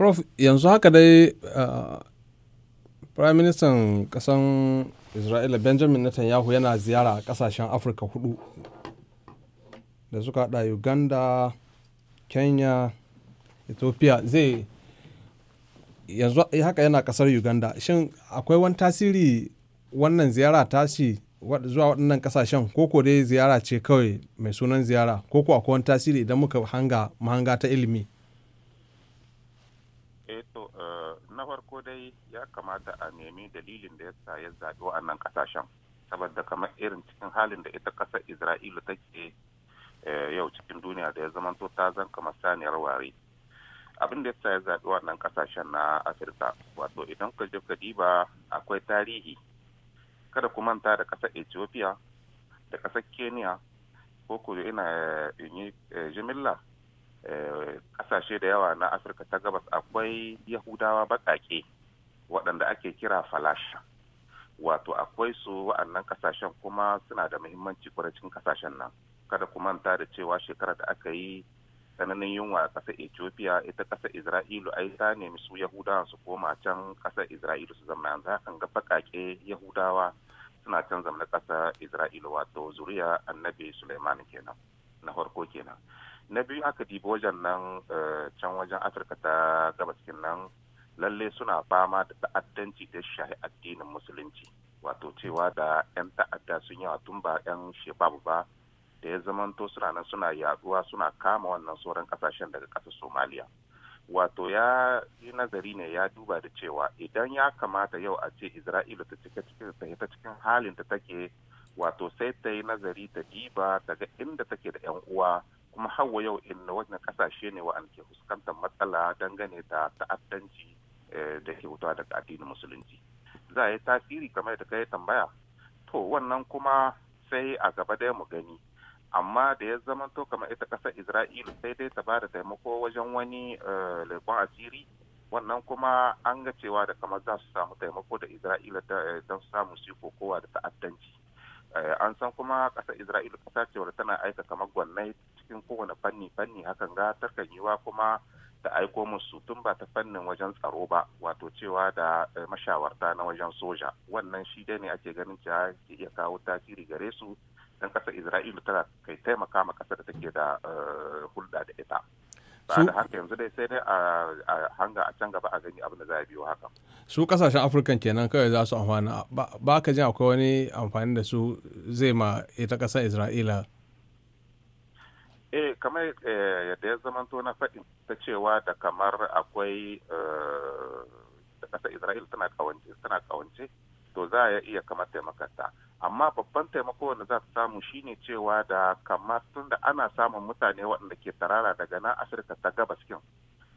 prof yanzu haka dai prime minister kasan isra'ila benjamin netanyahu yana ziyara a kasashen afirka hudu da suka hada uganda kenya ethiopia zai yanzu haka yana kasar uganda shin akwai wani tasiri wannan ziyara tashi zuwa waɗannan kasashen koko dai ziyara ce kawai mai sunan ziyara koko akwai wani tasiri idan muka hanga mahanga ta ilimi ya kamata a nemi dalilin da ya sa ya zaɓi wa'annan ƙasashen saboda kamar irin cikin halin da ita ƙasar isra'ila take eh, yau cikin duniya da ya zamanto ta zan kamar saniyar ware abin da ya sa ya zaɓi wannan ƙasashen na afirka wato idan ka je ka diba akwai tarihi kada ku manta da ƙasar ethiopia da ƙasar kenya ko ku ina eh, yi eh, jimilla ƙasashe da yawa na afirka ta gabas akwai yahudawa baƙaƙe waɗanda ake kira falasha wato akwai su wa'annan kasashen kuma suna da muhimmanci kwarai cikin kasashen nan kada ku manta da cewa shekara da aka yi tsananin yunwa a ƙasar ethiopia ita ƙasar isra'ilu ai ta nemi su yahudawa su koma can ƙasar isra'ilu su zama yanzu hakan ga baƙaƙe yahudawa suna can zama ƙasar isra'ilu wato zuriya annabi suleiman kenan na farko kenan na biyu aka dibi wajen nan eh, can wajen afirka ta gabas kenan lalle suna fama da ta'addanci da shahi addinin musulunci wato cewa da 'yan ta'adda sun yi tun ba 'yan shebabu ba da ya zamanto suna nan suna yaduwa suna kama wannan sauran kasashen daga ƙasar somaliya wato ya yi nazari ne ya duba da cewa idan ya kamata yau a ce isra'ila ta cika cikin ta cikin halin da take wato sai ta yi nazari ta diba daga inda take da 'yan uwa kuma hawa yau inda wajen kasashe ne wa'anda ke fuskantar matsala dangane da ta'addanci Eh, da ke wuta daga addinin musulunci za a yi tasiri kamar da kai tambaya to wannan kuma sai a gaba dai mu gani amma da ya zama to kamar ita ƙasar isra'ila sai dai ta bada taimako wajen wani eh, leƙon asiri wannan kuma an ga cewa da kamar za su samu taimako da isra'ila eh, don samu su kowa da ta'addanci an san kuma ƙasar isra'ila ta ce tana aika kamar gwannai cikin kowane fanni fanni hakan ga takan yiwa kuma da aiko musu tun ba ta fannin wajen tsaro ba wato cewa da eh, mashawarta na wajen soja wannan shi dai ne ake ganin cewa ke iya kawo tasiri gare su dan kasar isra'ilu tana kai taimaka ma kasar da take da eh, hulɗa da ita ba da haka yanzu dai sai dai a hanga a can gaba a gani abin da za a biyo haka su kasashen afirka kenan kawai za su amfana ba ka jin akwai wani amfani da su zai ma ita kasar isra'ila eh kamar eh, yadda ya zamanto na faɗin ta cewa da kamar akwai da eh, ƙasar isra'il tana kawance to za a iya kamar taimakata amma babban taimako wanda za ta samu shine cewa da kamar tun da ana samun mutane waɗanda ke tarara daga na afirka ta gabas kin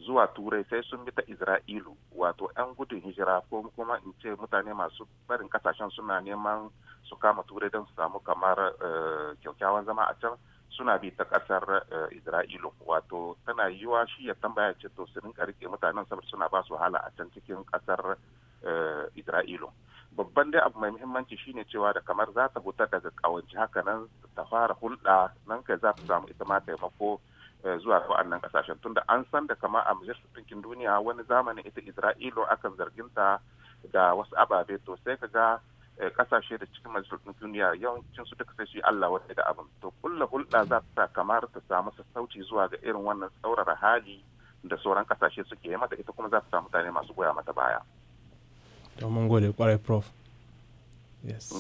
zuwa turai sai sun bi ta isra'ilu wato 'yan gudun hijira ko kuma in ce mutane masu barin kasashen suna neman su kama turai don su samu kamar eh, kyakkyawan zama a can suna bi ta kasar eh, isra'ilu wato tana yiwa shi ya tambaya ce to su rinka rike mutanen saboda suna ba su hala a can cikin kasar eh, isra'ilu babban dai abu mai muhimmanci shine cewa da kamar za ta hutar daga kawance haka nan ta fara hulɗa nan kai za ta samu ita ma taimako eh, zuwa wannan kasashen tunda an san da kamar a majalisar ɗinkin duniya wani zamanin ita isra'ilu akan zarginta da wasu ababe to sai ka ga Eh, kasashe da cikin majalisar duniya yawancin su duka sai su yi Allah wata da abin to kulla hulɗa za ta sa kamar ta samu sassauci zuwa ga irin wannan tsaurara hali da sauran kasashe suke yi mata ita kuma za ta samu mutane masu goya mata baya. gode kwarai prof. Yes.